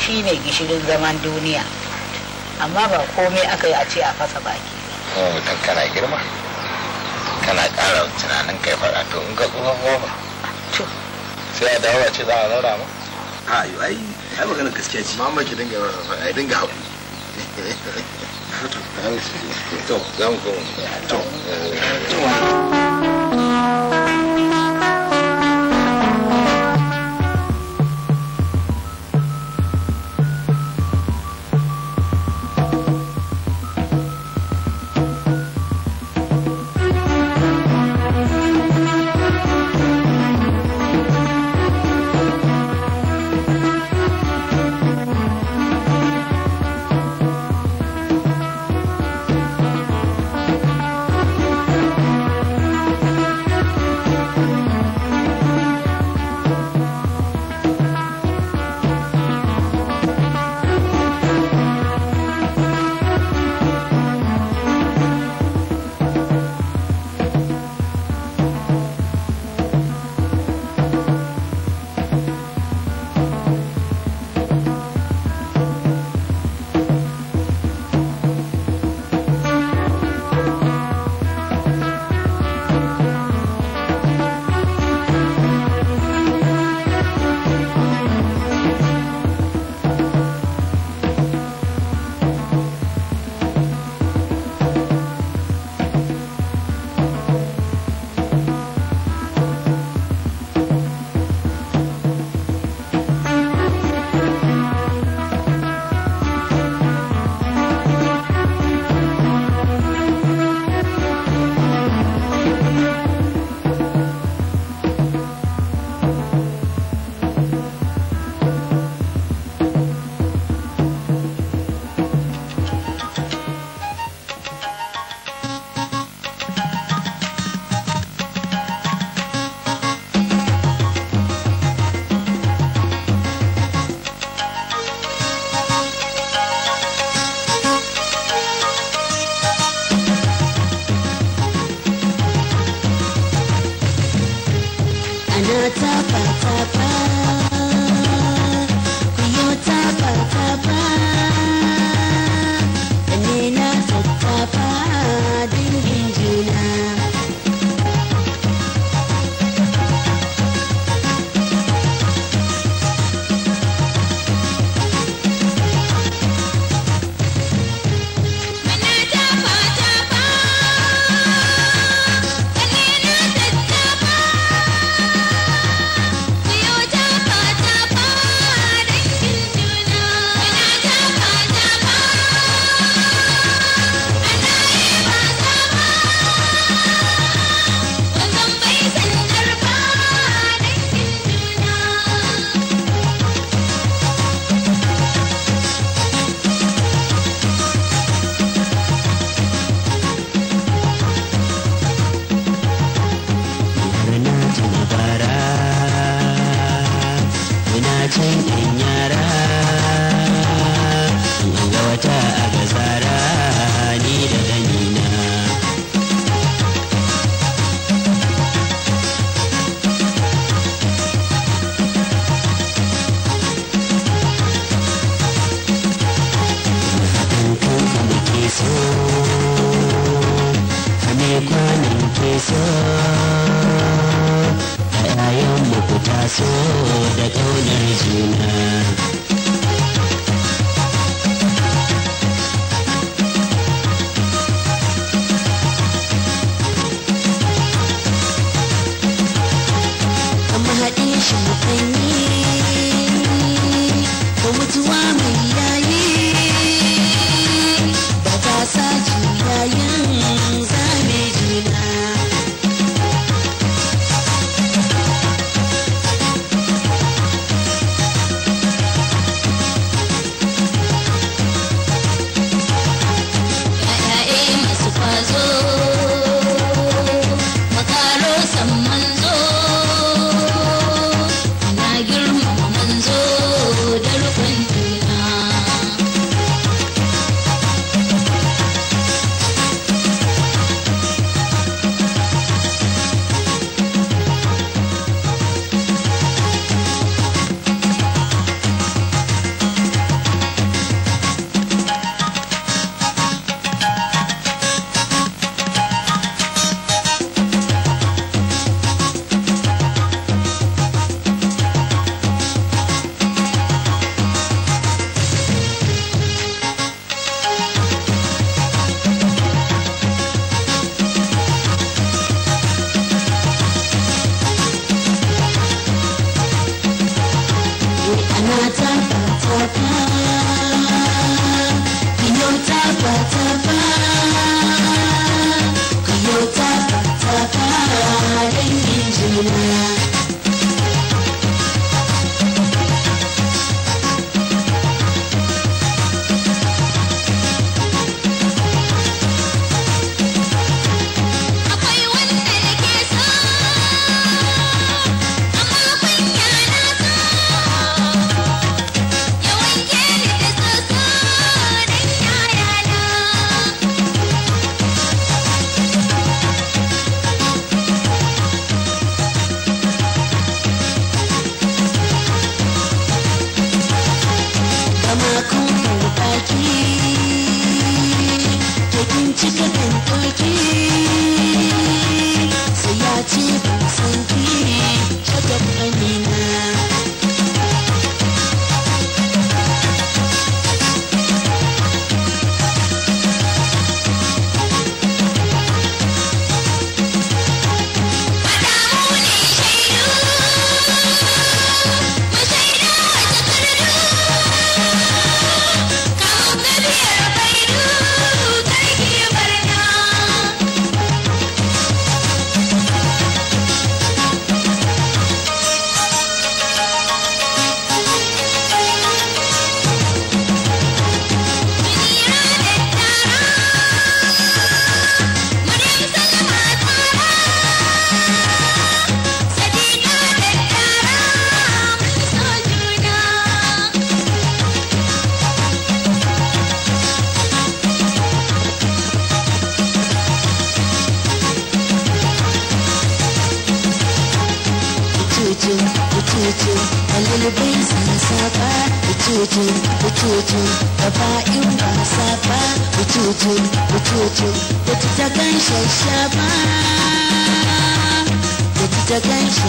shi ne gishirin zaman duniya amma ba komai aka yi a ce a fasa baki mutum kana girma kana kara tunanin kai fara to in ka tsohon goma sai a dawo a ce za a rara ma a yi ai ai maganar gaskiya ce mamma ki dinga ai dinga haku to za mu to to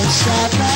shut up.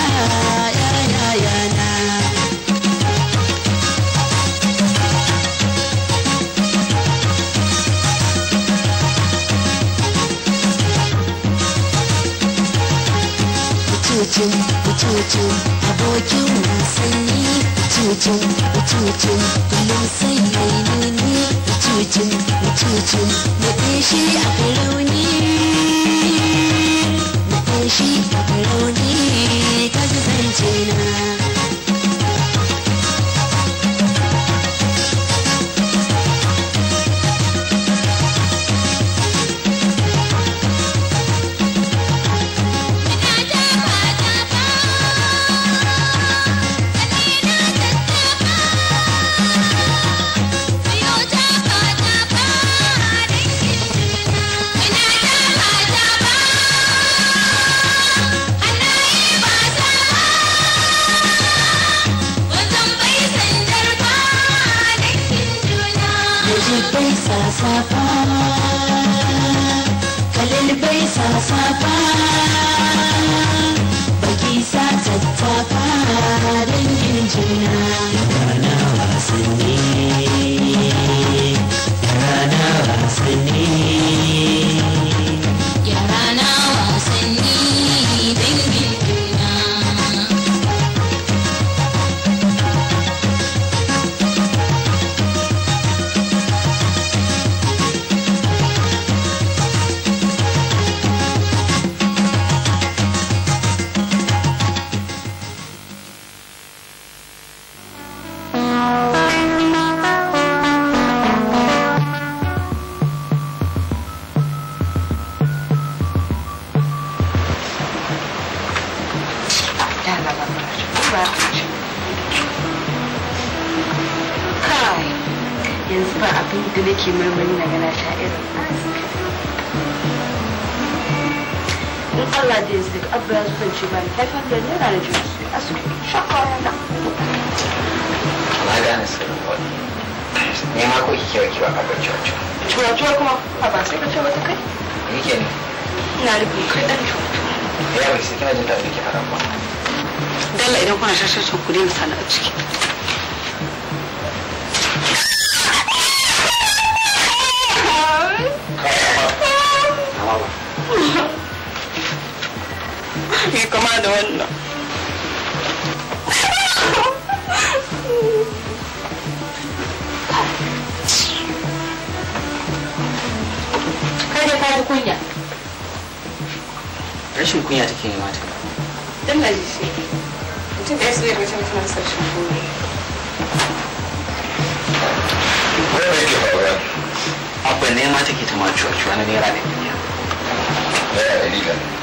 Don Allah da yanzu daga abba ya zuwa ce bani 500 naira da juice. Asibi, shakka yana. Na gane sirrin Ne ma ko kike wa kiwa abba cuwa-cuwa. cuwa kuma a ba sai ka ce wata kai? Ni ke ne. Ina rubin kai ɗan cuwa-cuwa. Ya ki haram ba. Dalla idan kuna shashashin ku daina sana'a ciki. Kaya ba. Kaya ba. mai kama da wannan kai da kaji kunya rashin kunya take ne mata dan na ji shi mutum ɗaya sai ga mutum na sarshin kunya wai bai ke faruwa abin ne ma take ta ma cuwa-cuwa na naira da miliyan naira da miliyan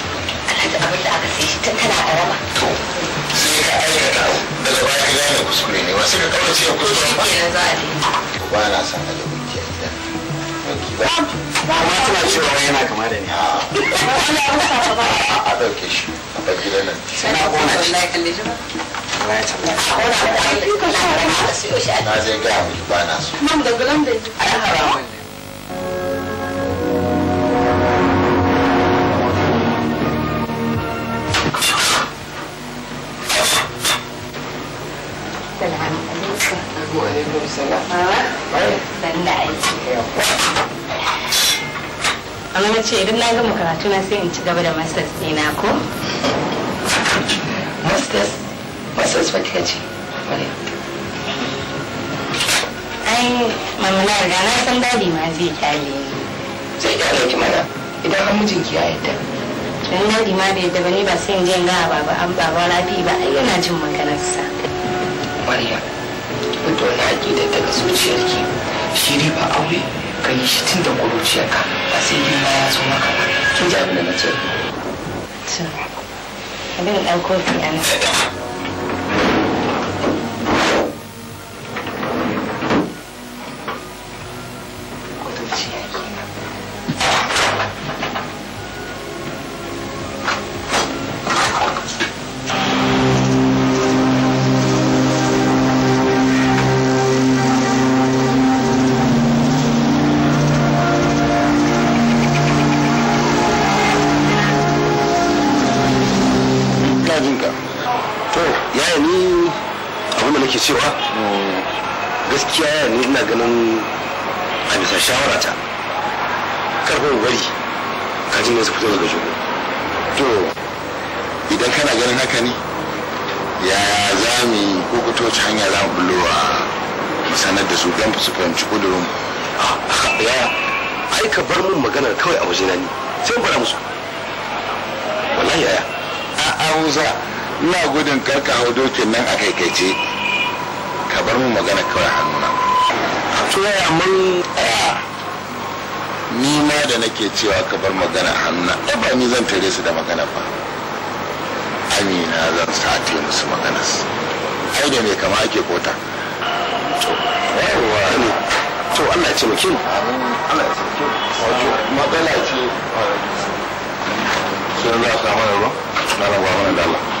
da abin da aka sai shi tun tana to sai ka aikata daga baya ka gane kuskure ne wasu ka kawo ba kenan za a daina ba na san gida amma tana cewa yana kama da ni a a shi a da nan sai na shi shi na ba na so mam da da haramun ne wa alaikum salam ce idan na gama karatu na sai in da masters ɗina ko masters masters wata ya ce ai na san dadi ma zai kyale ni zai kyale ki mana idan an mijinki ya yadda dan dadi ma bai yadda ba ni ba sai in je baba an rafi ba ai jin maganarsa da wani aƙida daga zuciyarki shi dai ba aure ka yi shi tun da ƙuruciyarka ba sai ma ya zo maka ba kin ji abin da na ce. Abin da ɗan kofi ya nan. dokin nan a kaikaice ka bar mu magana kawai hannuna to ya mun ni ma da nake cewa ka bar magana hannuna ai ba ni zan tare su da magana ba amina zan sate musu magana ai da me kama ake kota to yawa to Allah ya ce mu Allah ya ce mu wato magana ce sun za su mana ruwa na rabuwa mana da Allah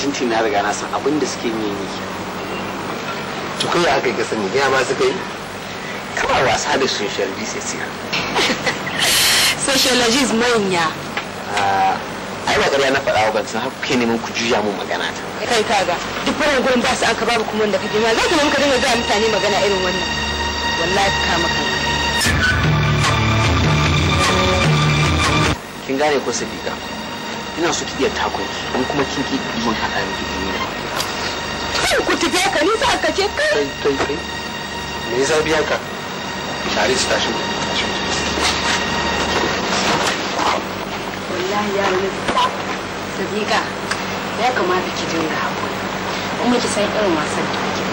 tintin na riga na san abin da suke yi ne to kai haka ka sani ya ma suka yi kama wasa da social distancing sociologies manya ah, ai ba ƙarya na faɗa wa ban san har kai neman ku juya mun magana ta kai ga duk wannan gurin ba su aka babu kuma wanda kake ma za ka ka dinga ga mutane magana irin wannan wallahi ka kama kanka kin gane ko sabika ina so ki iya tako in kuma kin ki mun haɗa miki da na kai ku tafi ka ni za ka ce kai kai kai me za biya ka tare shi tashi tashi wallahi yaro ne ta sadiqa ya kamata ki da hakuri kuma ki san irin wasan da kike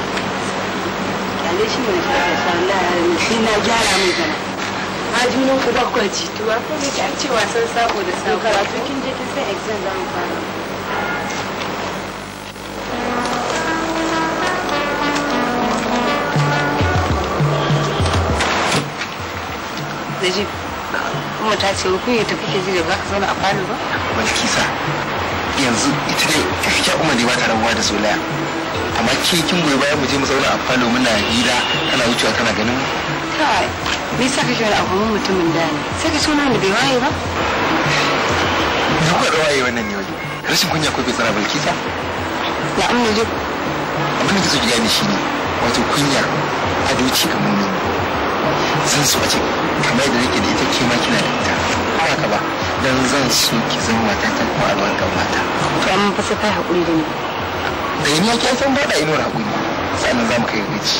kalle shi ne da ya sa Allah ya shi na gyara mai gana a junan ku ba kwa jituwa ko da ke ce wasan sabo da sabo karatu kin je kin san exam za mu fara Najib, kuma ta ce kun yi tafi ke ji da ba ka zauna a falo ba? Wani kisa yanzu ita dai gaskiya umar ne ba ta rabuwa da solaya amma ke kin goyi bayan mu je mu zauna a falo muna hira kana wucewa kana ganin mu. kawai me yasa kake wani abu mutumin da ne sai ka so nan da bai waye ba ya kuwa waye wannan ne waje rashin kunya ko bai tsara balki ta ya amma ne abin da take gane shine wato kunya a doci ga mu zan so a ce kamar da nake da ita ke ma kina da ita ba haka ba dan zan so ki zama mata ta ko albarkar mata to amma fa sai kai hakuri da ni da ni ya san ba da inuwar hakuri sannan zamu kai gaci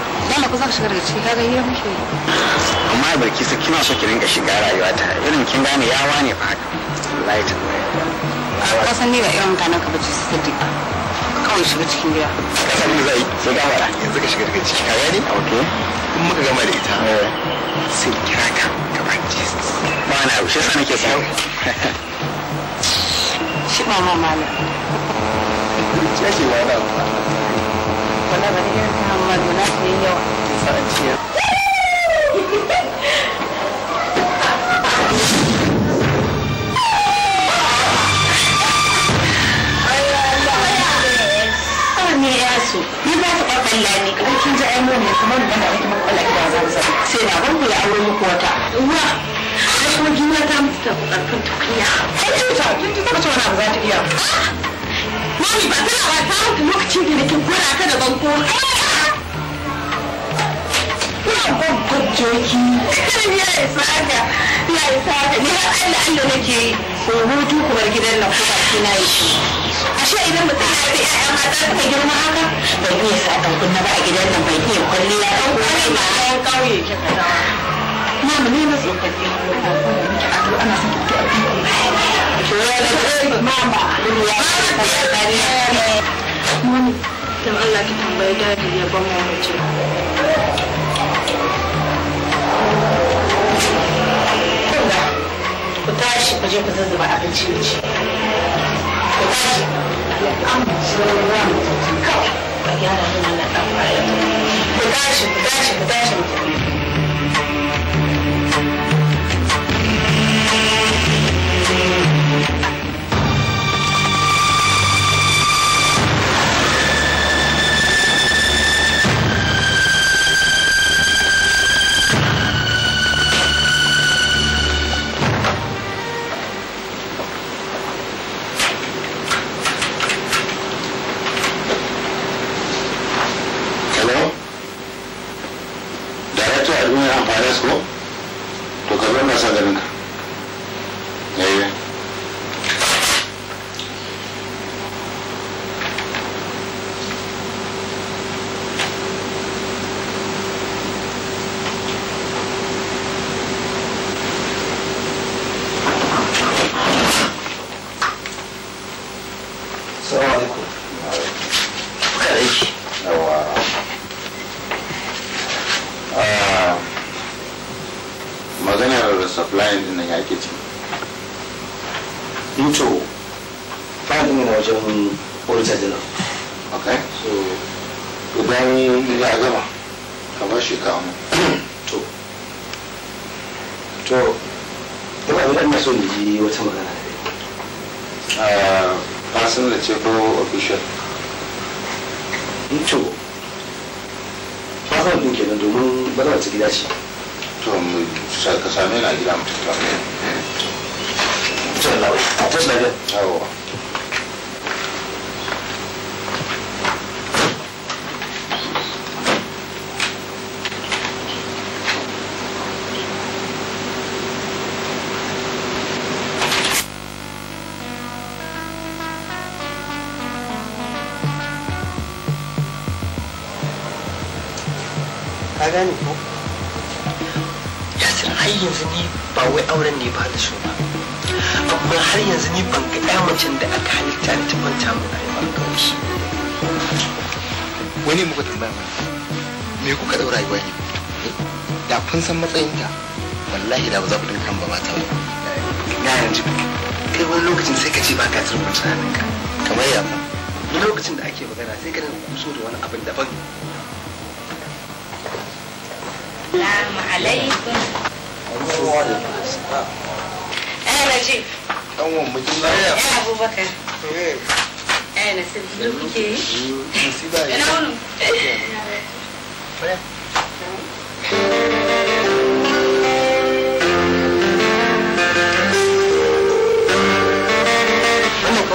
dala ku za ka shiga daga ciki kaga hira muke yi amma barki sa kina so ki rinka shiga rayuwa ta irin kin gane yawa ne fa haka wallahi ta ka san ni ba irin gane ka bace su sadiqa kawai shiga cikin gida ka san ni zai sai ka fara yanzu ka shiga daga ciki ka gani okay in muka gama da ita eh. sai kira ka ka bace ba na shi sa nake so shi ba ma malam ce ce wa da wato na su yi yawa Ni ba ku kamar kin ji ainihin ne makwala gida zama. Sai na ban ya aure muku wata. Ruwa, da kuma juna ta mutu ta wani abu za ta iya. Ah! Mami ba tana mutu lokacin da nake ta da banko. babbar joki ya isa haka ya isa haka ni har Allah yi gidan ashe idan mutum ya fi mata suka girma haka ban iya sa ba a gidan nan ban iya kwalliya ɗan kunna ma ɗan ƙauye ne na tsofaffi ya ban ku tashi ku je ku zazzuba abinci ne ci ku tashi ya amince ruwa mutum kawai a gyara mana na ɗan ku tashi ku tashi ku tashi mutum President san matsayin matsayinta wallahi da ba za ku dinga kan ba ta ba ya yanzu kai wani lokacin sai ka ce ba ka tsirgun tunaninka kamar ya ba wani lokacin da ake magana sai ka dinga kuso da wani abin daban Assalamu alaikum. Eh Najib. Dan wan mutum na lafiya. Eh Abubakar. Eh. Eh Nasib, duk kuke yi? Eh, Nasiba. Ina wani.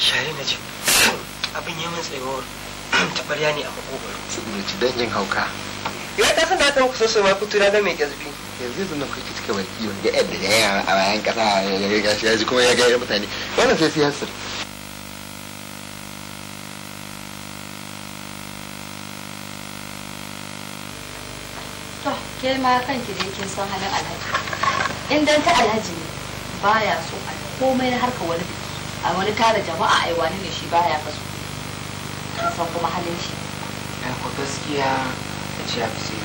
share na ji abin yi min tsayuwar tabarya ne a makogwaro saboda ci dangin hauka ya kasan da aka muku sosai ma kutura da mai gazbi yanzu yanzu nan kuke cika baki wanda yadda da yara a bayan kasa ya gashi ya ji kuma ya gaya mutane wannan sai siyasar ke ma kan da kin san halin alhaji in dan ta alhaji ne baya so a komai na harka wani a wani kare jama'a ai wani ne shi baya faso kan san kuma halin shi Da ku gaskiya da ce abu sai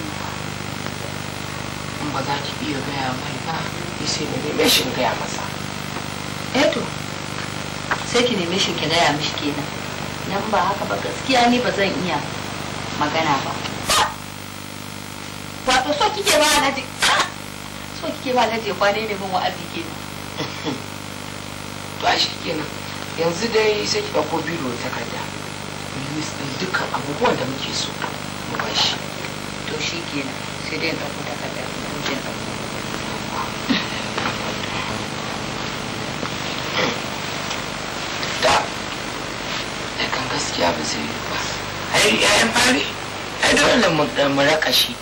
in ba za ki iya gaya mai ba ni sai na neme shi gaya masa eto eh sai ki neme shi ki gaya mishi kenan nan ba haka ba gaskiya ni ba zan iya magana ba wato so kike ba na ah! so kike ba na je kwane ne min wa'azi kenan kenan yanzu dai sai ki ɗauko biro ta mu yi listin dukkan abubuwan da muke so mu ba shi to shi kenan sai dai in ɗauko takarda mu je ɗauko da da kan gaskiya ba zai yi ba ai yayan fari ai dole mu mu raka shi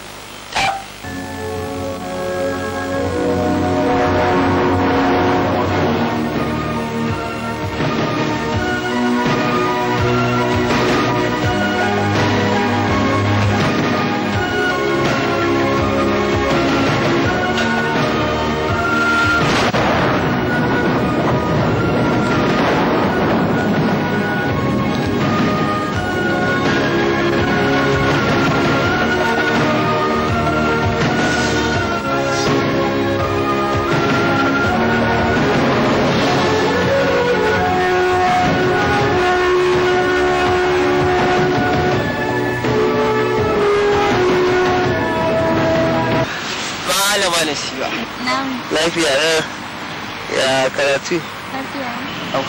ya karatu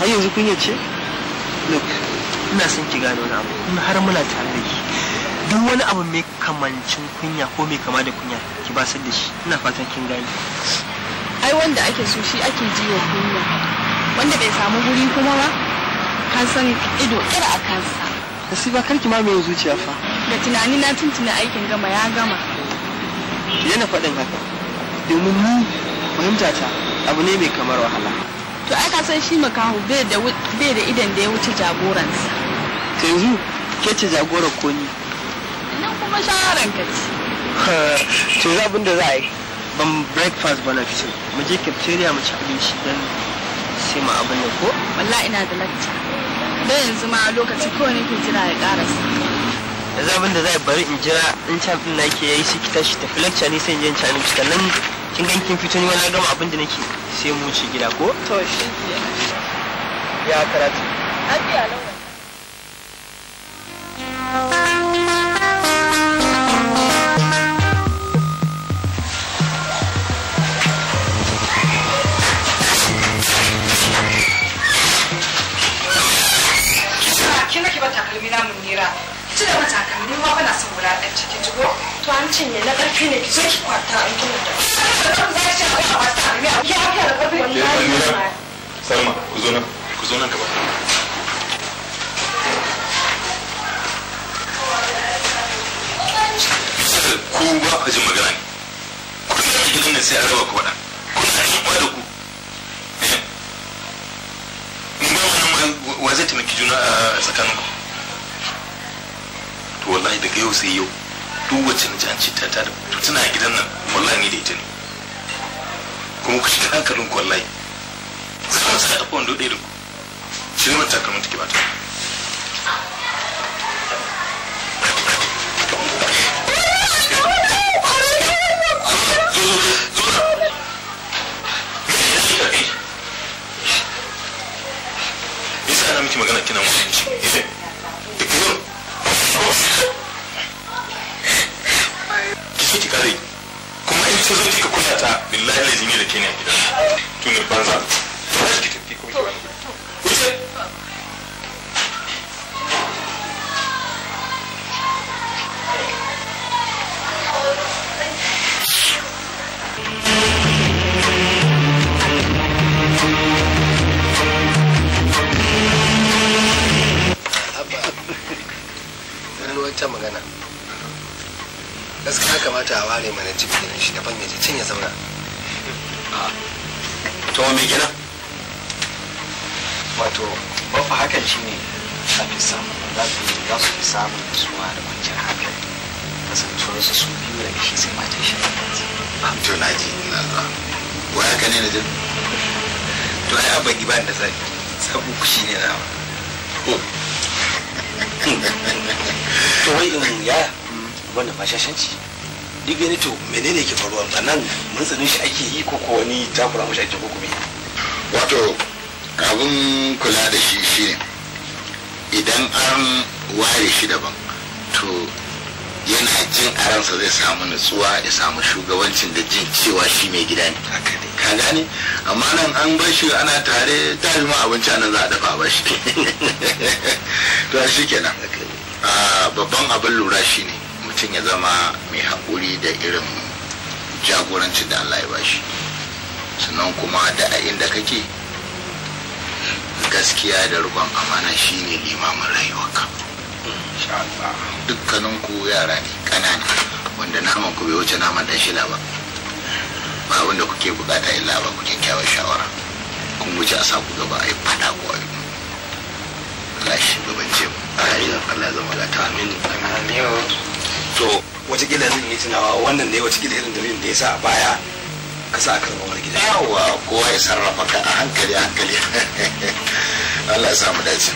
har yanzu kunya ce look ina son ki gano na abu har muna tare da ki duk wani abu mai kamancin kunya ko mai kama da kunya ki basar da shi ina fatan kin gane ai wanda ake so shi ake ji wa kunya wanda bai samu guri kuma ba kan san ido kira a kansa nasiba kar ki ma mai zuciya fa da tunani na tuntuna aikin gama ya gama yana faɗin haka domin mu fahimta ta abu ne mai kamar wahala to ai ka san shi makahu bai da bai da idan da ya wuce jagoransa to yanzu ke ce jagoran ko ni nan kuma shawaran ka ce to yanzu abin da za a yi ban breakfast ba na fito mu je cafeteria mu ci abinci dan sai mu abin da ko wallahi ina da latti dan yanzu ma lokaci ko ne ke jira ya karasa da zaɓin da yi bari in jira in can ɗin na ke yayi shi ki tashi tafi lecture ne sai in je in ci abinci nan kin gan kin fito ni wani gama abin da nake sai mu ci gida ko to shi ya karatu lafiya lawa Kin ki ba takalmi namun nira. Ki ci da matakalmi ma bana son wulaƙanci cikin jigo. kwancin ne na a ku zo nan ku zo nan gaba ku a ji magana ne ku da gidan nan sai a raba ku waɗa ku da ki ba da ku in eh. ba wannan wa zai taimaki juna a eh, tsakaninku to wallahi daga yau sai yau duk wacce mace ta ta to tana a gidan nan wallahi ni da ita ne kuma ku shiga hankalin ku wallahi sai mun sai abuwan da ku shi ne mata kamar take bata Isa ana miki magana kina mutunci. so ki kare kuma in ta zo kika kula ta billahi lazim ne da kenan ne a gidan banza ba ki tafi magana gaskiya kamata a ware mana ciki gidan shi daban ya je can ya zauna to me gina wato bafa hakan shi ne za fi samun za su fi samun zuwa da kwanciyar hankali kasancewar su su biyu da shi sai mata shi to na ji na zuwa wa haka ne na jin to ai abin giban da zai sabu ku shi ne na to wai in yaya wanda da fashashanci duk gani to menene ke faruwa a nan murtsanin shi ake yi ko wani takura mashi ake kokumi wato abin kula da shi shi idan an ware shi daban to yana jin aransa zai samu nutsuwa ya samu shugabancin da jin cewa shi mai gida ne ka gane amma nan an bar shi ana tare ta ma abinci nan za a dafa ba shi to shi kenan ah, babban abin lura shi ne mutum ya zama mai haƙuri da irin jagorancin da Allah ya bashi sannan kuma da a inda kake gaskiya da rubon amana shine limamin rayuwarka dukkaninku yara ne ƙanana wanda naman ku bai wuce naman dan shila ba ba wanda kuke bukata illa ba ku kyakkyawar shawara kun wuce a saku gaba a yi fada ko a yi Allah shi gaban ce mu Allah zama ga ta amin amin to watakila zan yi tunawa wannan ne watakila irin dalilin da ya sa a baya ka sa ka zama gida yawa kowa ya sarrafa ka a hankali hankali Allah ya samu dace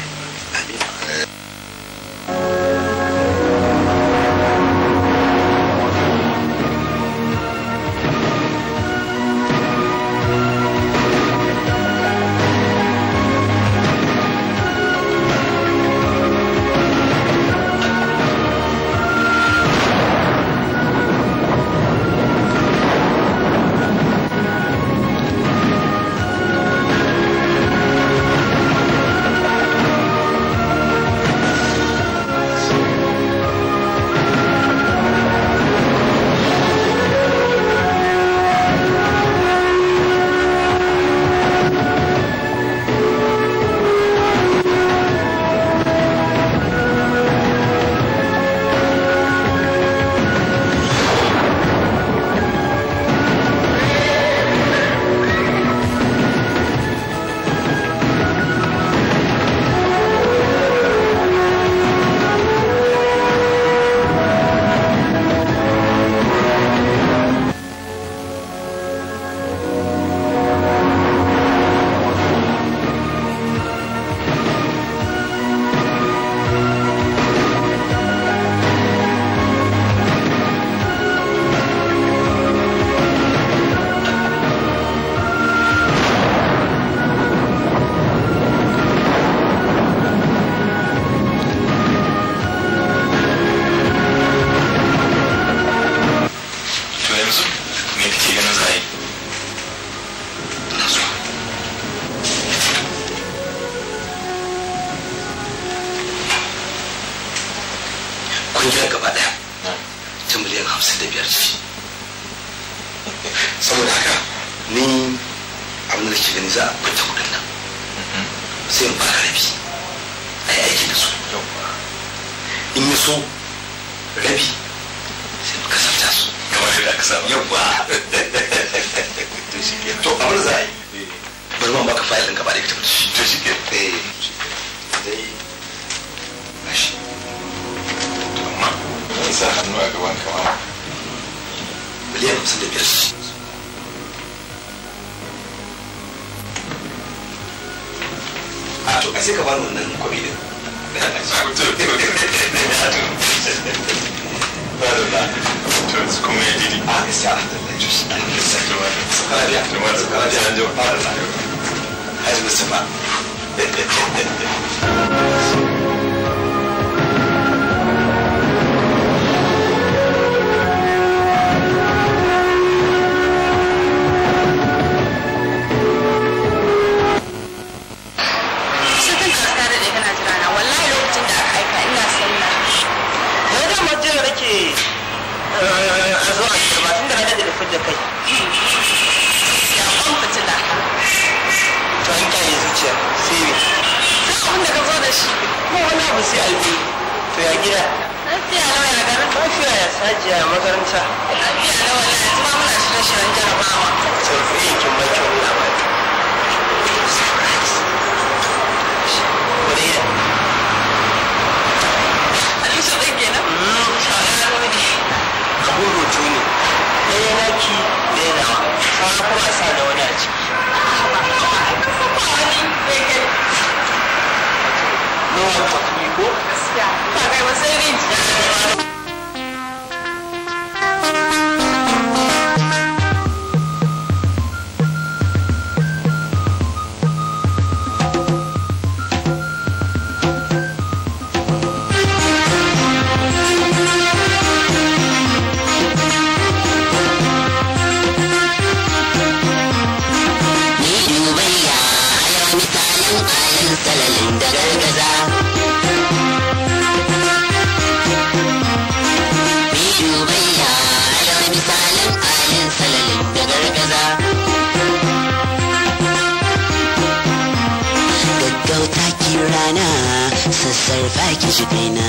shi kaina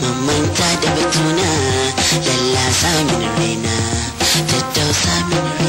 mamanta da batuna lallasa min raina tattausa min raina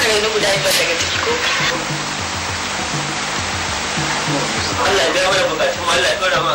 maganganu guda biyar daga ciki ko Allah ya bukatun Allah ya dora mu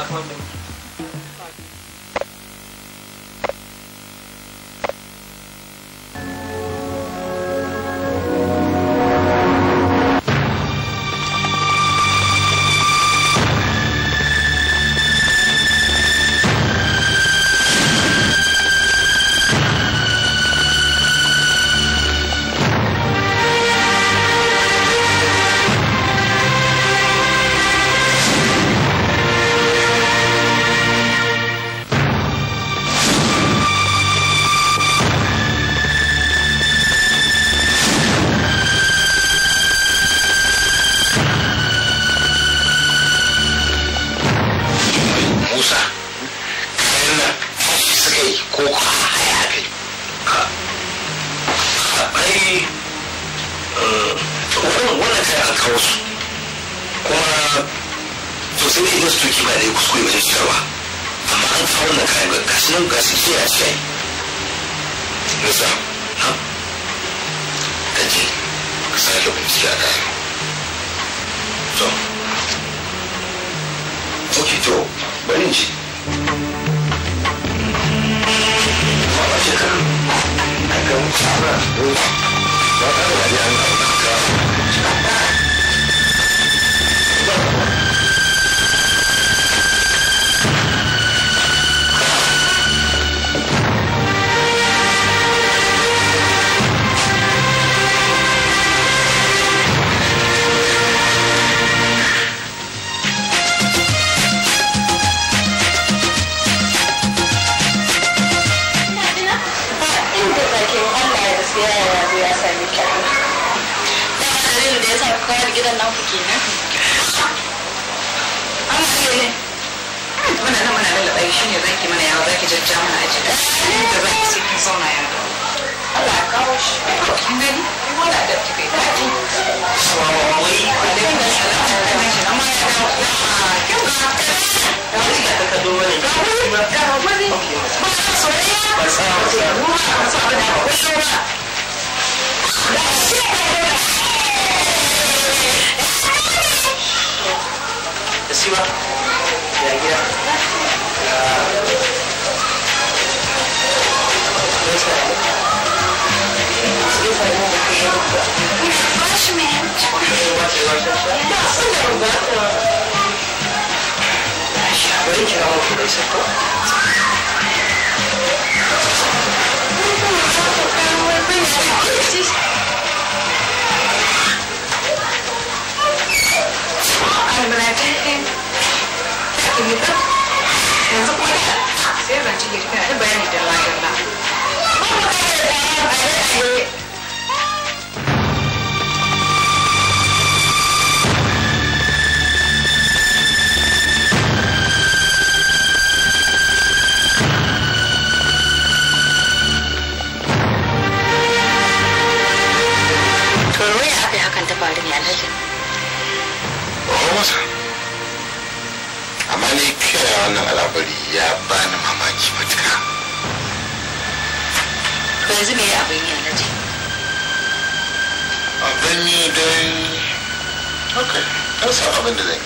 into the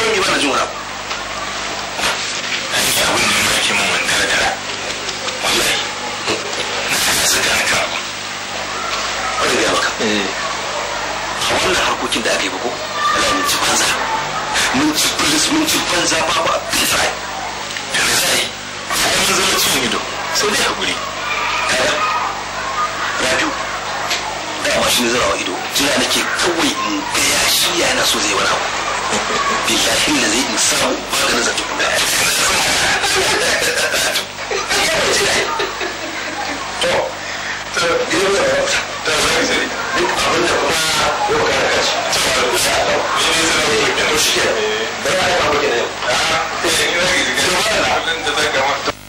akwai ni bana jin wani da min wani dara dara eh. a wannan harkokin da aka yi ba ko wallahi ci banza mun ci bilis mun ci banza babu abin da da na sai mun zama ciwon ido sai dai hakuri kada rabiu dama shi ne zarawa ido jira nake kawai in gaya yana so zai wani abu billahi da zai in sa maganin zato guda to da zai zai duk abin da kuma ta ba zai zai a ta zai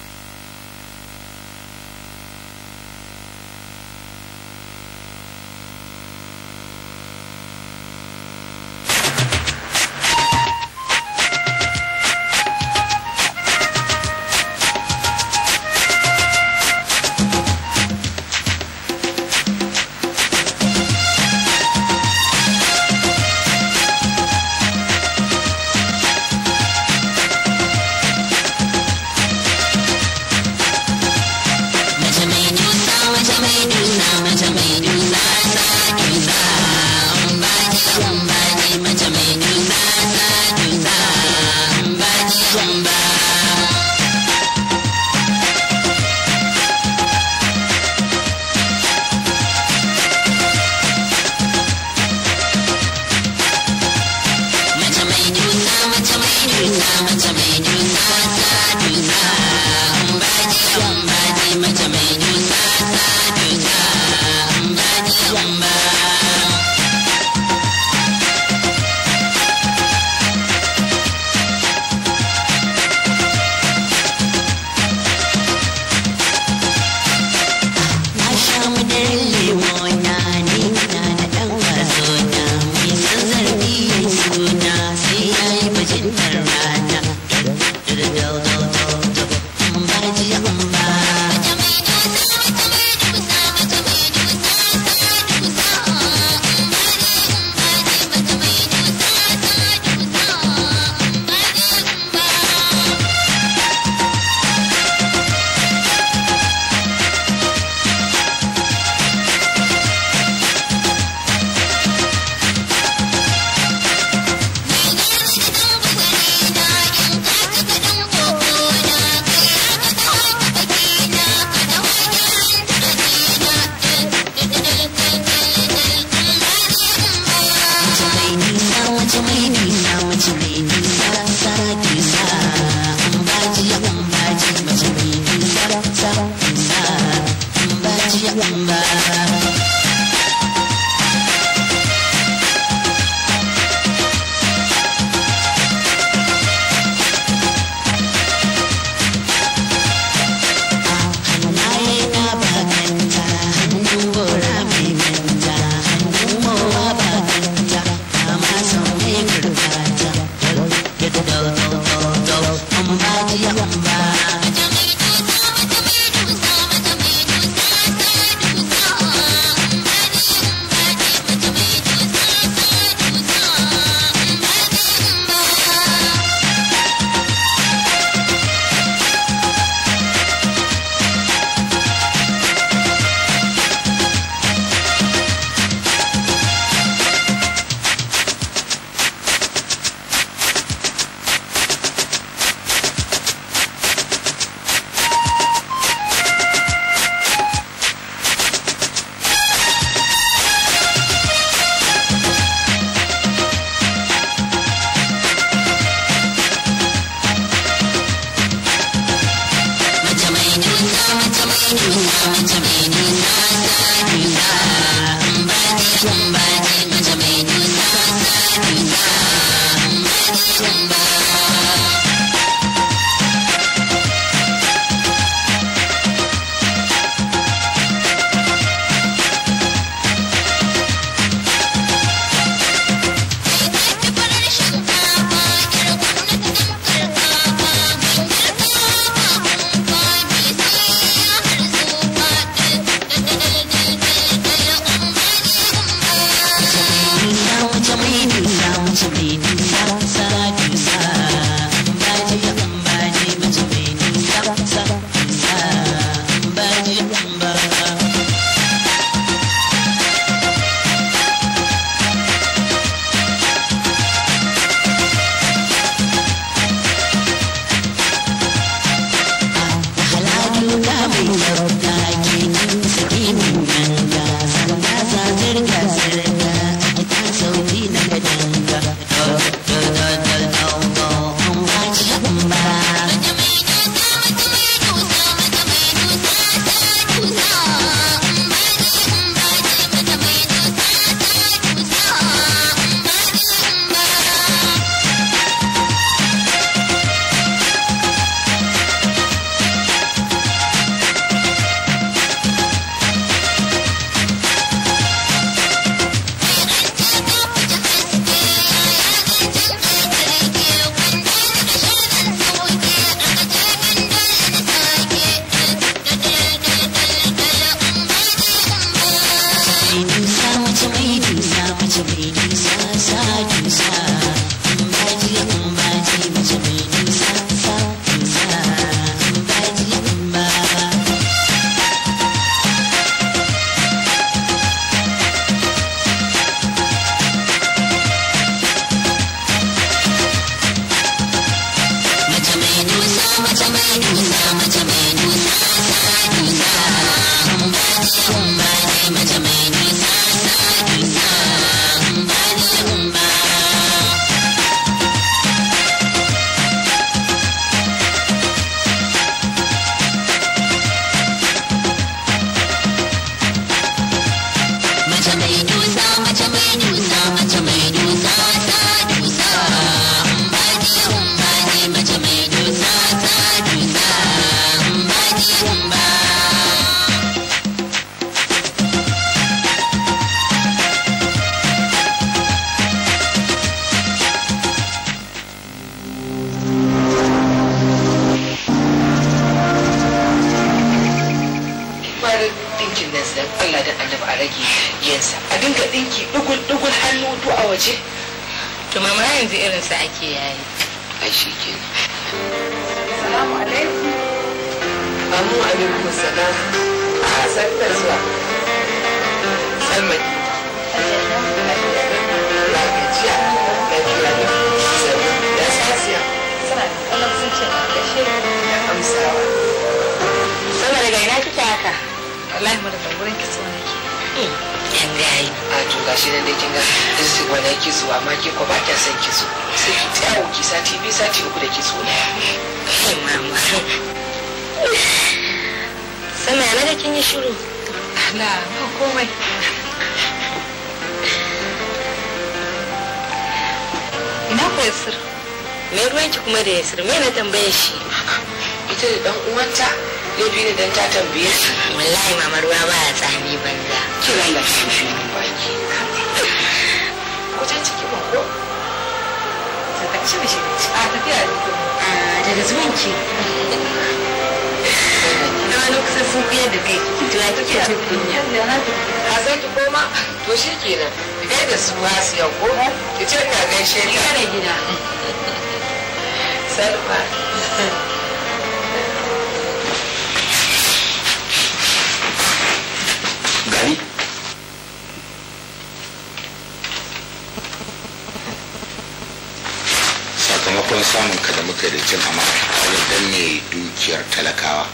ka da cin amana ya ne dukiyar talakawa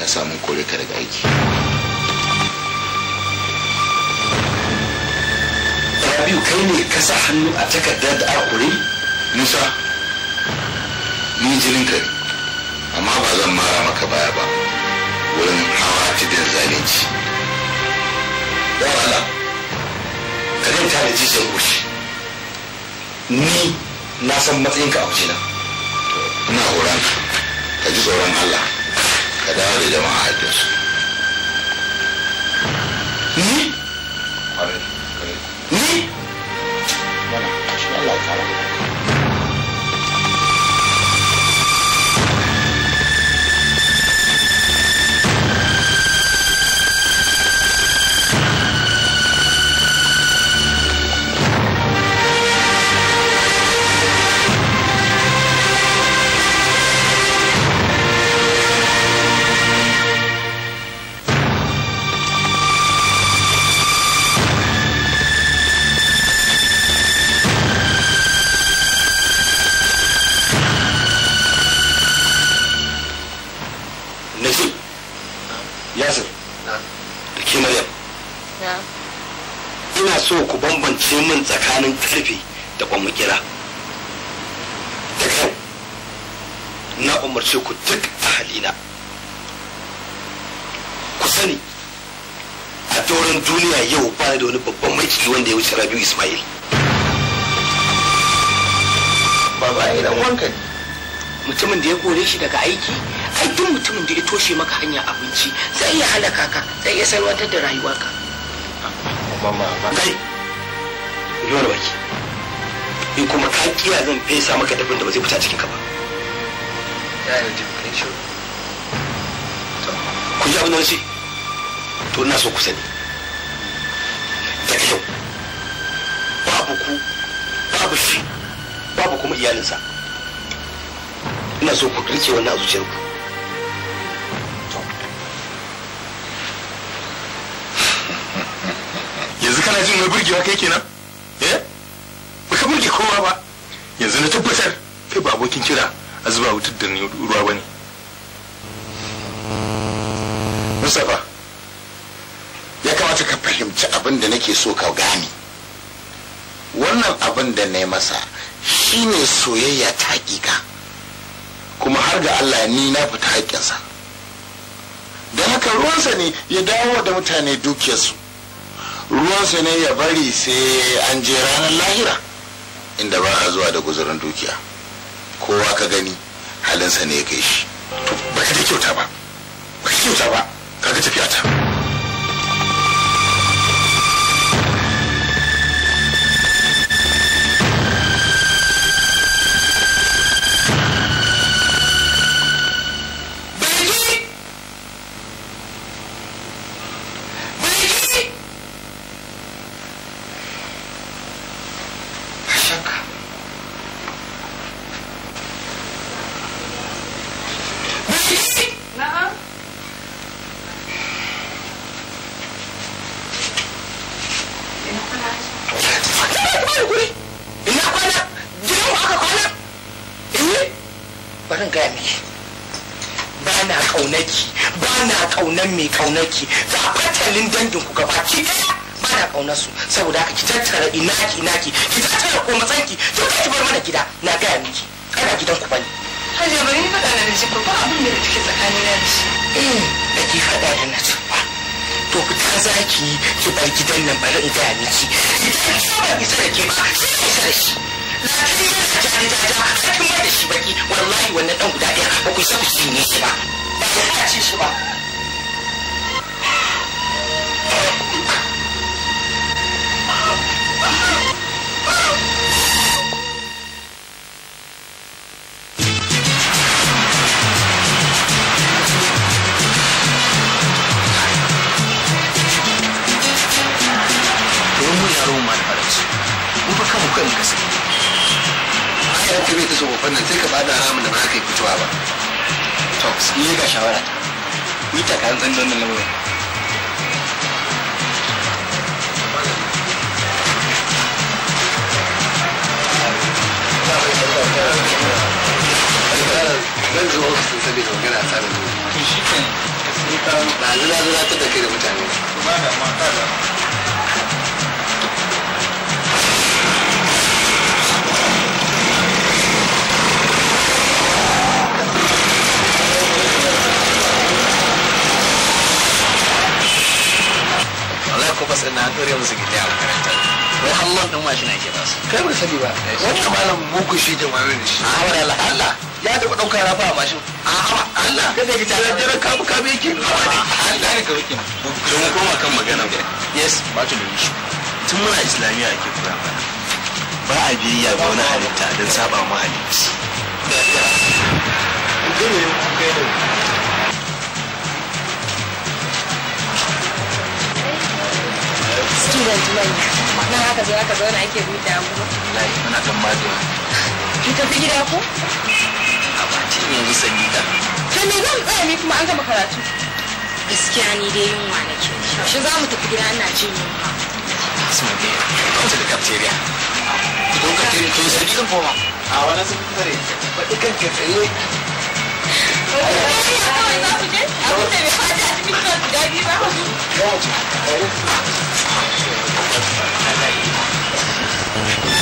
ya samu kore ka daga aiki biyu kai ne ka sa hannu a takardar da aka kore musa ni jinin ka amma ba zan mara maka baya ba wurin hawa cikin zalunci don Allah ka ta da jishin goshi ni na san matsayinka a wajena Ana horon ka ji tsoron Allah ka dawo da jama'a haƙƙinsu. Ni? Ni? alhaji rabi ismail baba ai dan wanka mutumin da ya kore shi daga aiki ai duk mutumin da ya toshe maka hanya abinci zai iya halaka ka zai iya salwantar da rayuwarka mama ba kai yau baki kuma ka kiya zan fesa maka dafin da ba zai fita cikin ka ba ya yi jin kai shi ku ji abin da to ina so ku sani iyalinsa ina so ku rike wannan a zuciyarku yanzu kana jin mai burgewa kai kenan eh baka burge kowa ba yanzu na tabbatar kai ba abokin kira a zuba wutar da ruwa bane Mustapha ya kamata ka fahimci abin da nake so ka gane wannan abin da na yi masa Shi ne soyayya ta haƙiƙa kuma har ga Allah ni na fita haƙƙinsa da haka ruwansa ne ya dawo da mutane dukiyarsu ruwansa ne ya bari sai an je ranar lahira inda ba a zuwa da guzurin dukiya kowa ka gani halinsa ne ya kai shi ba ka da kyauta ba ka kyauta ba ka tafiya ta kaunarsu saboda haka ki tattara ina ki ina ki ki tattara ko matsan ki ta ki bar mana gida na gaya miki kana gidan ku bane hajiya bari ni faɗa da miji ko ba abin da kike tsakani na shi eh da ki faɗa da na ba to ku ta za ki ki bar gidan nan bari in gaya miki idan ki ba ki tsare ki ba ki tsare shi lakin yana da jaja sai kin da shi baki wallahi wannan dan guda ɗaya ba ku isa ku ne shi ba ba ku ci shi ba wannan sai ka bada haramun da ba za a fitowa ba to ni ga shawara ni ta kan san don lamarin zan zo ta da Ba zira zira ta da kai da mutane. Ba da mata da. class din na dore musu gidi a makarantar wai Allah din mashin ake ba su kai ba sani ba eh, wani malam muku shi da wani ne shi a wani Allah Allah ya taɓa ɗaukar rafa a mashin a Allah da zai gita da jira kamu kabe yake Allah ne ka rike don koma kan magana yes ba ta da shi tun muna islamiyya ake kura ba a biyayya ga wani halitta don saba mu halitta. juran juran nan haka zo aka zauna ake buɗe abu wallahi muna kan matsewa ki tafi gida ko a bakin yanzu sadiqa to me zan tsaya ni kuma an gama karatu gaskiya ni dai yunwa nake shi za mu tafi gida ina jin yunwa asma dai kauce da cafeteria don ka tare to sadiqan koma a wani sun tare ba ikan ka tsaye Thank you.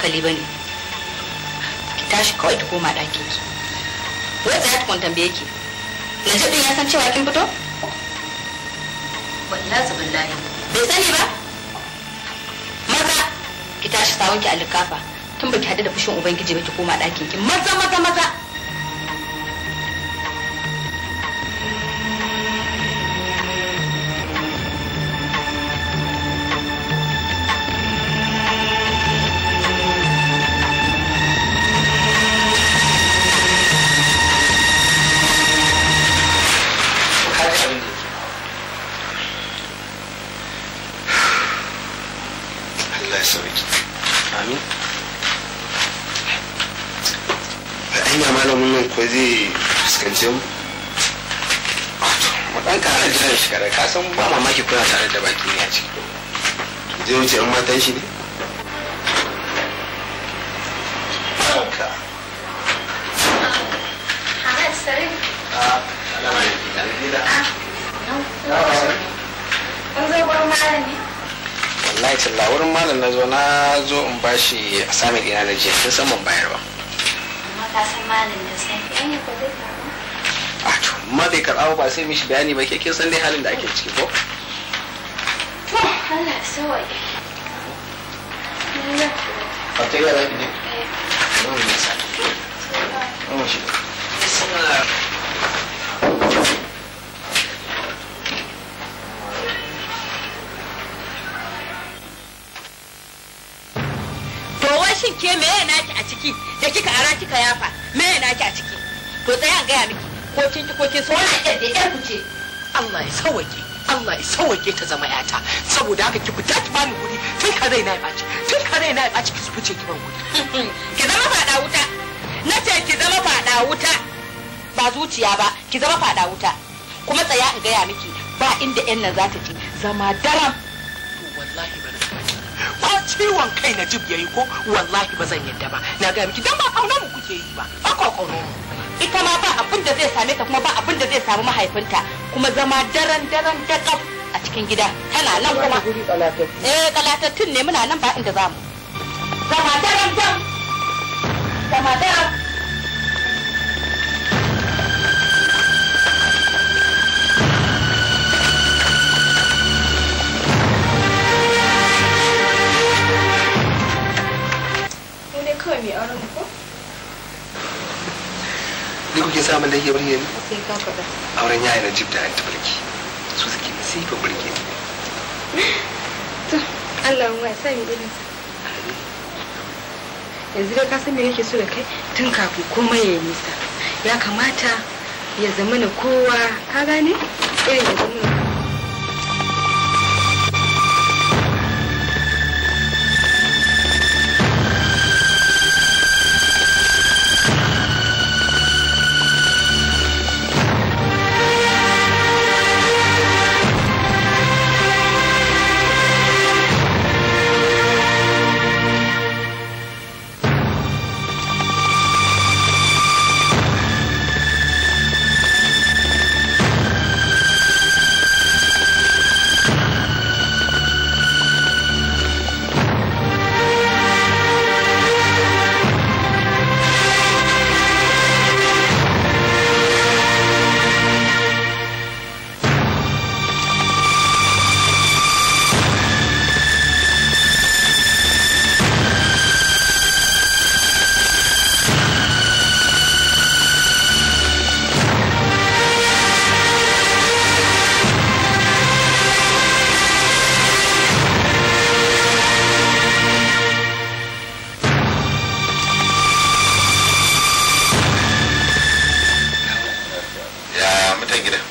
hankali ba ne ki tashi kawai ki koma ɗakin ki wai ta kun tambaye ki na ji ɗin ya san cewa kin fito wallahi billahi bai sani ba maza ki tashi sawon ki a likafa tun baki hadu da fushin ubangiji ba ki koma ɗakin ki maza maza maza sai mishi bayani ba ke kin san dai halin da ake ciki ko Allah sawai a eh. shin ke me naki a ciki da kika ara kika yafa me naki a ciki to tsaya gaya miki ko kin ki ko ke so wannan ɗan da yar ku ce Allah ya sauke Allah ya sauke ta zama yata saboda haka ki fita ki bani kuɗi tun ka zai na ya ɓaci tun ka zai na ya ɓaci ki fice ki bani kuɗi ki zama faɗa wuta na ce ki zama faɗa wuta ba zuciya ba ki zama faɗa wuta kuma tsaya in gaya miki ba inda yan nan za ta je zama daram to wallahi ba ko ciwon kai na jib yayi ko wallahi ba zan yadda ba na ga miki dan ba auna mu kuke yi ba ba ko kauna mu ita ma ba abin da zai same ta kuma ba abin da zai samu mahaifinta kuma zama daren daren dakaf a cikin gida tana nan kuma eh kalatattun ne muna nan ba inda zamu zama daren dam zama daren kawai mai auren ko? ni kuke samun da yake burge ni auren yaya na jibda ta tabarki su suke masifin burge ni to Allah ya sa mu irin yanzu da ka san me yake so da kai tun kafin kuma ya nisa ya kamata ya na kowa ka gane irin ya kowa. negative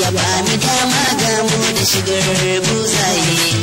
ya bani dama ga mu da shigar buzaye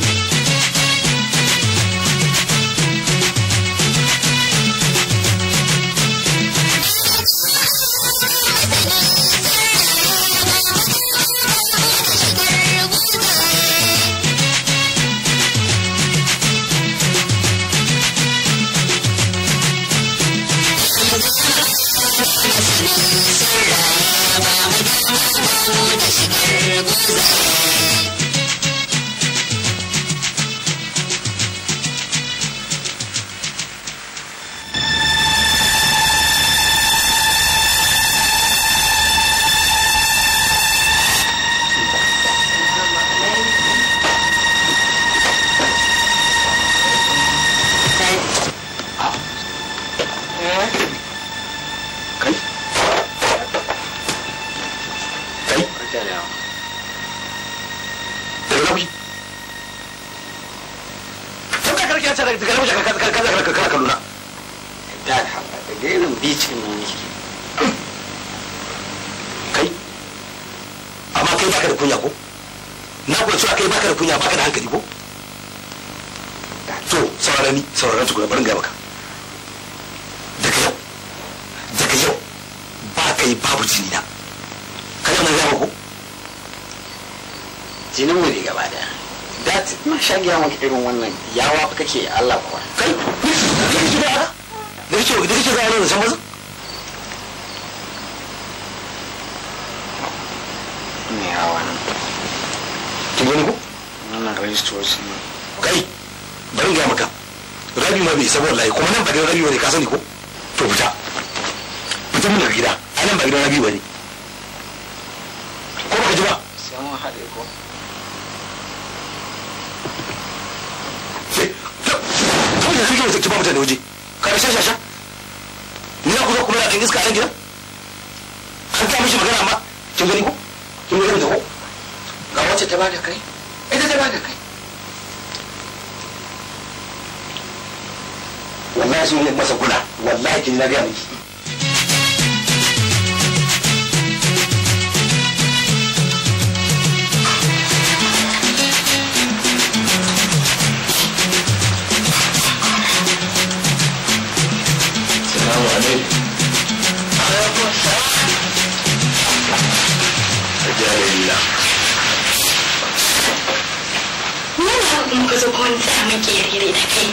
zo ko wani sa da kai ai ci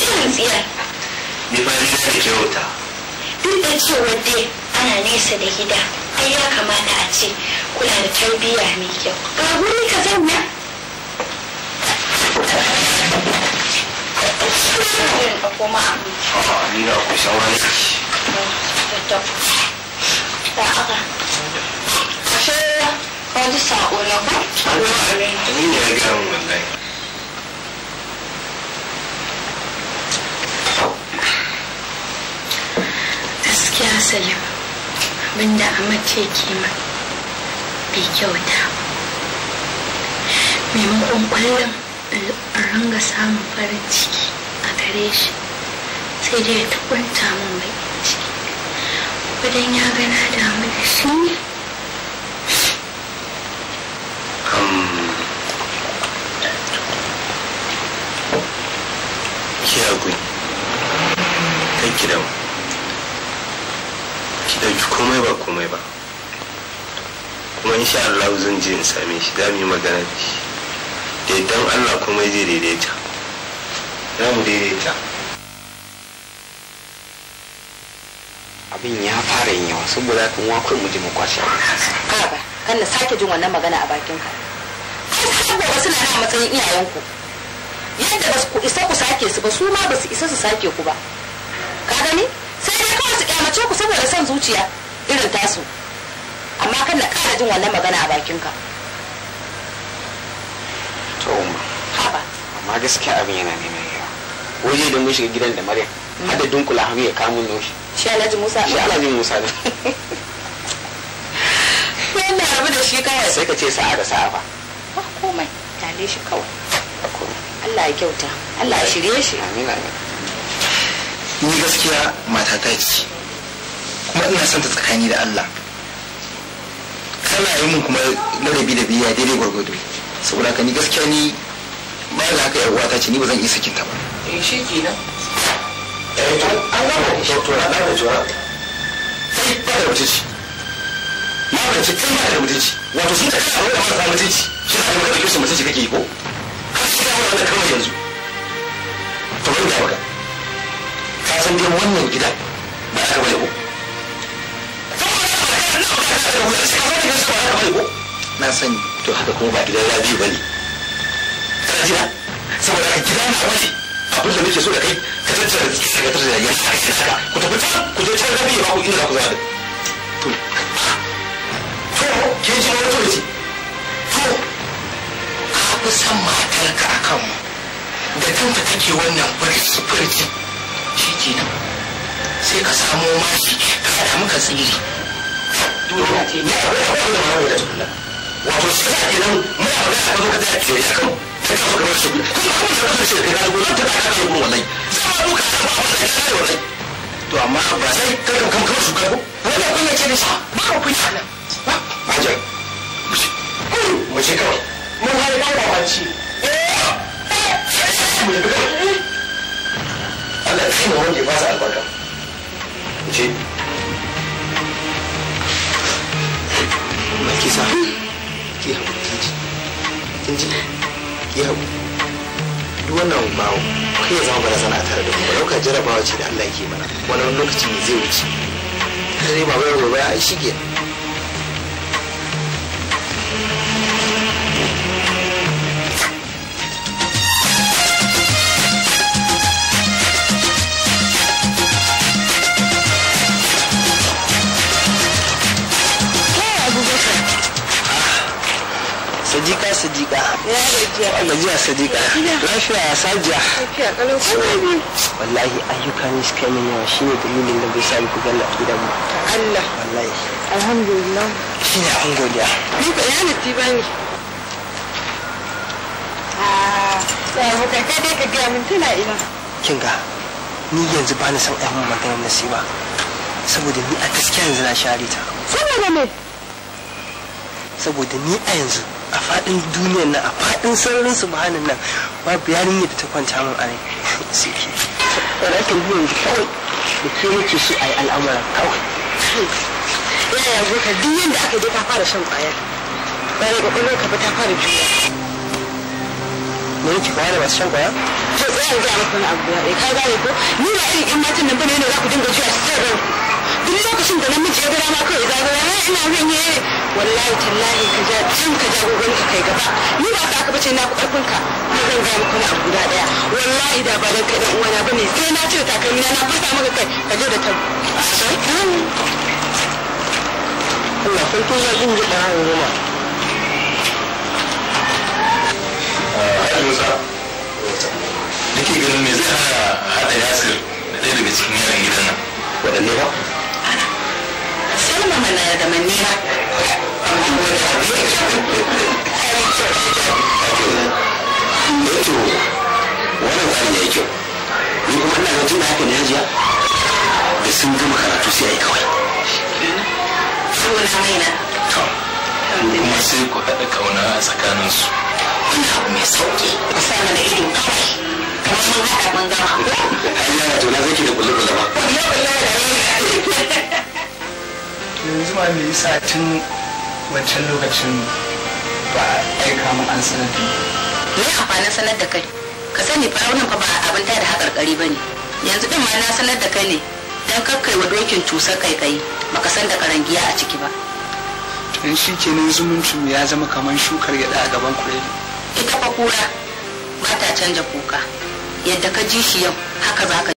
san tsira ni ba ni kyauta duk da cewa dai ana nesa da gida ai ya kamata a ce kula da tarbiyya mai kyau ga guri ka zauna ni ka ji sako na ko? Ni ne ya Gaskiya Salim, abinda amace ke ma bai kyauta. Maimakon kullum in ranga samun farin ciki a gare shi sai dai ta kwanta mun bai ciki. Wadan ya gana damu da shi ne. hakuri kai ki dawo ki komai ba komai ba kuma insha Allah zan je in same shi za mu magana da shi da idan Allah komai zai daidaita za mu daidaita abin ya fara yin yawa saboda kan wakon mu ji mu kwashe kan na sake jin wannan magana a bakin ka saboda suna na matsayin ku yadda ba ku isa ku sake su ba su ma ba su isa su sake ku ba ka gani sai dai kawai su kyamace ku saboda son zuciya irin tasu amma kan na kara jin wannan magana a bakin ka to umma amma gaskiya abin yana neman yawa waje da mun shiga gidan da maryam hada dunkula hannu ya kamun noshi shi alhaji musa shi alhaji musa ne wannan abu da shi kawai sai ka ce sa'a da sa'a ba komai tale shi kawai Allah ya kyauta Allah ya shirye shi ni gaskiya mata ta ce kuma ina son ta tsakani da Allah tana yi mun kuma ladabi da biya daidai gwargwado saboda ka ni gaskiya ni ba da haka yawo ta ce ni ba zan iya sakin ta ba eh shi kenan eh, an gama da shi to na da jura sai ba da mutunci ma ka ce kai ba da mutunci wato sun ta kai a wani da marasa mutunci shi ne da kake so mutunci kake yi ko faɗa mana wannan yanzu to bari gaya ka san dai wannan gida ba ta bane ko na sani to haka kuma ba gidan rabi ba ne ji ba saboda ka gida na wani abin da nake so da kai ka tattara ka tattara da yanka ka saka ku tafi ku je can rabi ba ku inda ku zaɓa to son mahaifiyarka a kanmu da kanta take wannan furci shi kenan sai ka samo maki ka haɗa muka tsiri ne a wata kuma da tukuna shi ka ba ba da yi ta kafa kamar su kuma shi da kai ba ba ba sai ka kan kan ka ko wani abin ya ce ba ba ba mun har ba ba bacci Allah ya tsima wanda ya fasa albarka ce ba kisa ki hawo kinji kinji ki hawo duk wannan ba kai ya zama barazana a tare da mu dauka jarabawa ce da Allah ke mana wani lokaci ne zai wuce sai ba bai ba shi kenan sadiqa sadiqa ya gajiya gajiya sadiqa lafiya ya sajiya lafiya kalau wallahi ayyukan shi kai ne yawa shine dalilin da bai sami ku galla gidan mu Allah wallahi alhamdulillah ne an godiya ni ba yana ba ne ah sai mu kai kai ka ga mun tana ina kin ga ni yanzu ba na san ayyukan maganar nasiba saboda ni a gaskiya yanzu na share ta saboda me saboda ni a yanzu a faɗin duniyar nan a faɗin sararin su nan ba yarinya da ta kwanta mun a rai ke da ke a ta fara shan ƙwayar bayan ƙwaƙwalwar ka ta fara juya abu ya ɗaya ka gane ko ni ba irin in matan nan bane ne za ku dinga juya cikin duk lokacin da namiji ya ga dama kawai zaga ya ina zan yi wallahi tallahi ka ja can ka ja gogon ka kai gaba ni ba ka aka bace na ku karfin ka ni zan ga muku na abu guda daya wallahi da ba dan kai dan uwana bane sai na cire takalmi na fasa maka kai ka je da ta Allah sai kun ga jin jiɗa hawan goma. Haɗin Musa, nake ganin me zai hana haɗa Yasir da ɗaya daga cikin yaran gidan nan. Waɗanne ba? Kalma eh na da manniya. Eto, wannan tsarin ya yi Ni haka ne ya sun gama karatu sai a yi kawai. Saboda hanyar. Kuma sai ku haɗa kauna a tsakaninsu. Wani abu mai sauƙi. Ku sa mana ido kawai. Kamar mun haɗa mun gama. Hanyar wato na zaki da kulle-kulle ba. Kulle-kulle da yanzu ma me yasa tun wancan lokacin ba a aika mu an sanar da ni kafa amfanin sanar da kai ka sani fa wannan fa ba abin da hakarkari bane yanzu din ma na sanar da kai ne dan kakkai wa dokin tusar kaikai baka san da karangiya a ciki ba in shi nan zumuncin ya zama kamar shukar gyada a gaban kure. ita fa kura ba ta canja kuka yadda ka ji shi yau haka zaka ka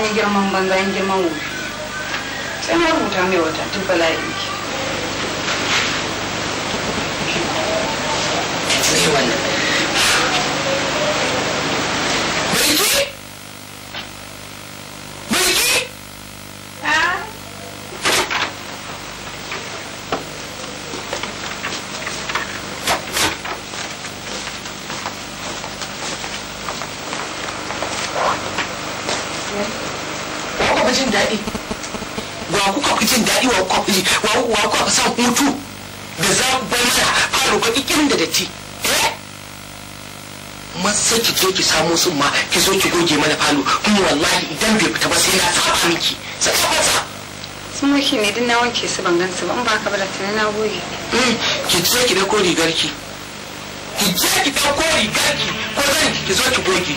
wani girman banza yin girman wuri sai na rubuta mai wata duk bala'in ki. samu sun ma ki zo ki goge mana falo kuma wallahi idan bai fita ba sai na tsafa miki sun ne din na su ban su ba in ba ka na goge hmm, ki je ki dauko ko zan ki goge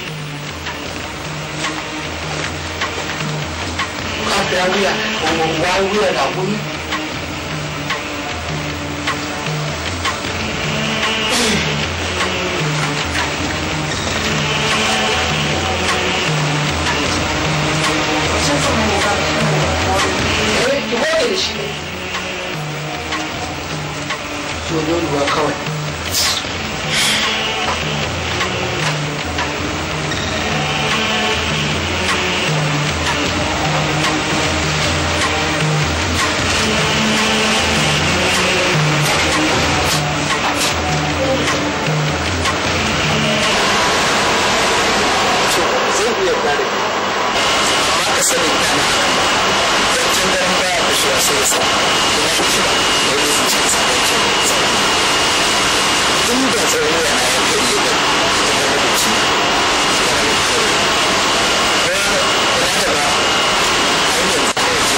就留一个岗位。全部暂停了。啊，这算什么？主要是说，我们我们是去参观、去旅根本在都来没有的，原来没有的。来这边，来这边。来这边。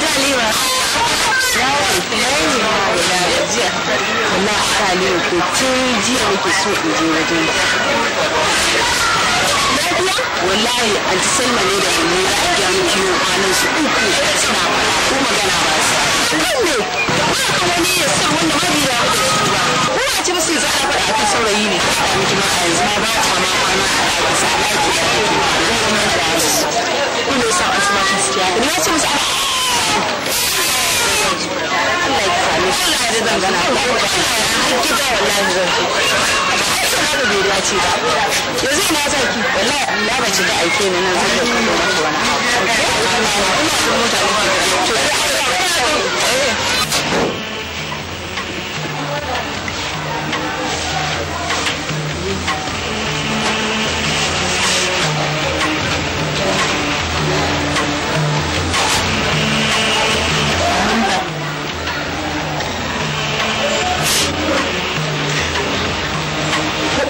来这边。yawon kuma yi na da jiya na kale ko jiya so in ne da magana wani sa wanda mabi su a saurayi ne ba a sa sa gaskiya ni ko na yadda zan gana ko na gida wallahi zan ko aikin haka bai dace ba yanzu na zaki wallahi na ba ci da aike ni nan zan dauka ko wani abu ko na mutane ko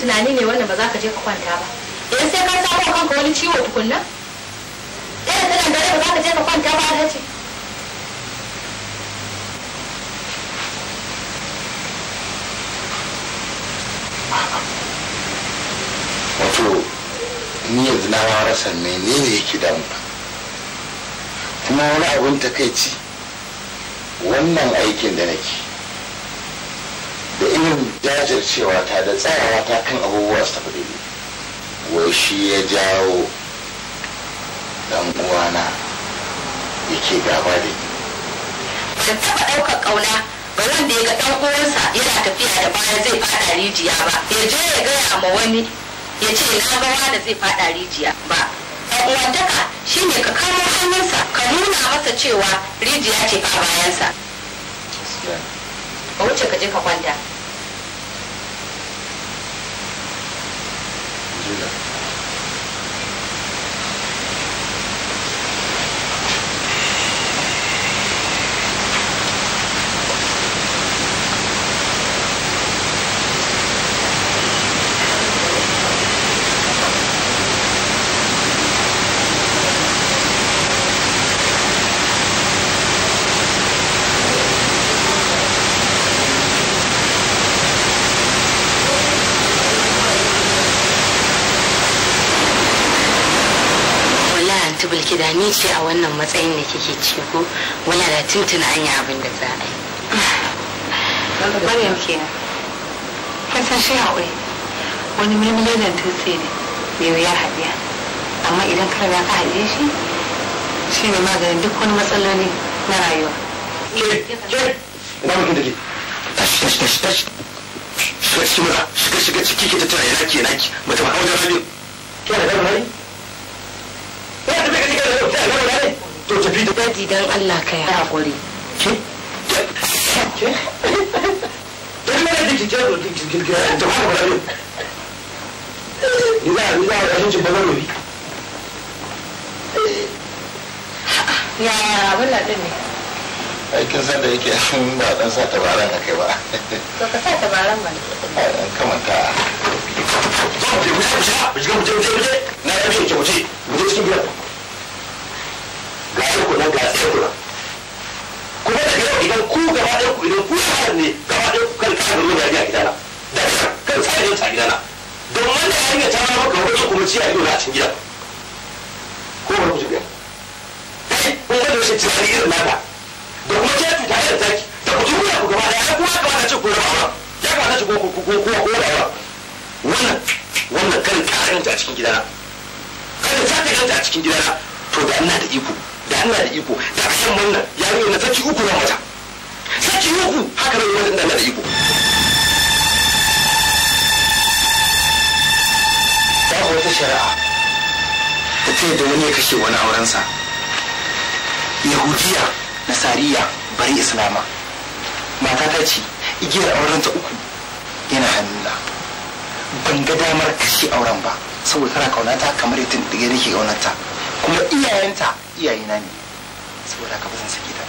tunani ne wannan ba za ka je ka kwanta ba idan sai ka samu kanka wani ciwo tukunna ɗaya da tana ba za ka je ka kwanta ba ce wato ni yanzu na ma rasa menene yake damuna kuma wani abin takaici wannan aikin da nake jajircewa ta da tsayawa ta kan abubuwa su tafi daidai wai shi ya jawo dan uwana yake gaba da ni taɓa ɗaukar ƙauna ba wanda ya ga ɗan uwansa yana tafiya da baya zai fada rijiya ba ya je ya gaya ma wani ya ce ya ga wani zai faɗa rijiya ba uwantaka ne ka kamo hannunsa ka nuna masa cewa rijiya ce a bayansa. Ka wuce ka je ka kwanta. Bismillah. ni ce a wannan matsayin da kike ciki ko wala da tuntuna an yi abin da za a yi maryam kenan kin san shi wani mulmulalan dutse ne mai wuyar haɗiya amma idan ka riga ka haɗe shi shi ne maganin duk wani matsaloli na rayuwa shiga shiga shiga ciki ke tattara ya naki naki ba ta ba hawa da fadi kina da gaba hari hakuri daji dan Allah ka yi hakuri ke ke dan mara diki ke ro diki da ba ba ni za ni za ya ne aikin sa da yake sun ba dan sa tabaran a kai ba to ka sa tabaran ba dan kamanta Zo, je, wuce, wuce, wuce, wuce, wuce, na yabe, wuce, wuce, wuce cikin ga yi kunan ga sai kunan kuma da yau idan ku gaba ɗaya ku idan ku yaran ne gaba ɗaya ku kan kare ruwa ya gidana da kan tsare yin ta gidana don wanda ya ringa tara maka wajen kuma a yi yau a cikin gidan ko ba ku ji biya kai kun ga da a tsari irin naka da kuma ce tuta da taki da ku juya ku gaba ɗaya kuma ka wata ce ku rawa ya ka wata ce ko ko ko ko ko rawa wannan wannan kan kare yin a cikin gidana kada ta ta yin ta cikin gidana to da ina da iko da Allah da iko karshen wannan yarinya na saki uku na mata saki uku haka nan wannan da Allah da iko babu wata shari'a ta ce da wani ya kashe wani aurensa yahudiya nasariya bari islama mata ta ce igiyar aurenta uku yana hannuna ban ga damar kashe auren ba saboda tana kaunata kamar yadda nake kaunata kuma iyayenta iyayena ne saboda ka ba zan sake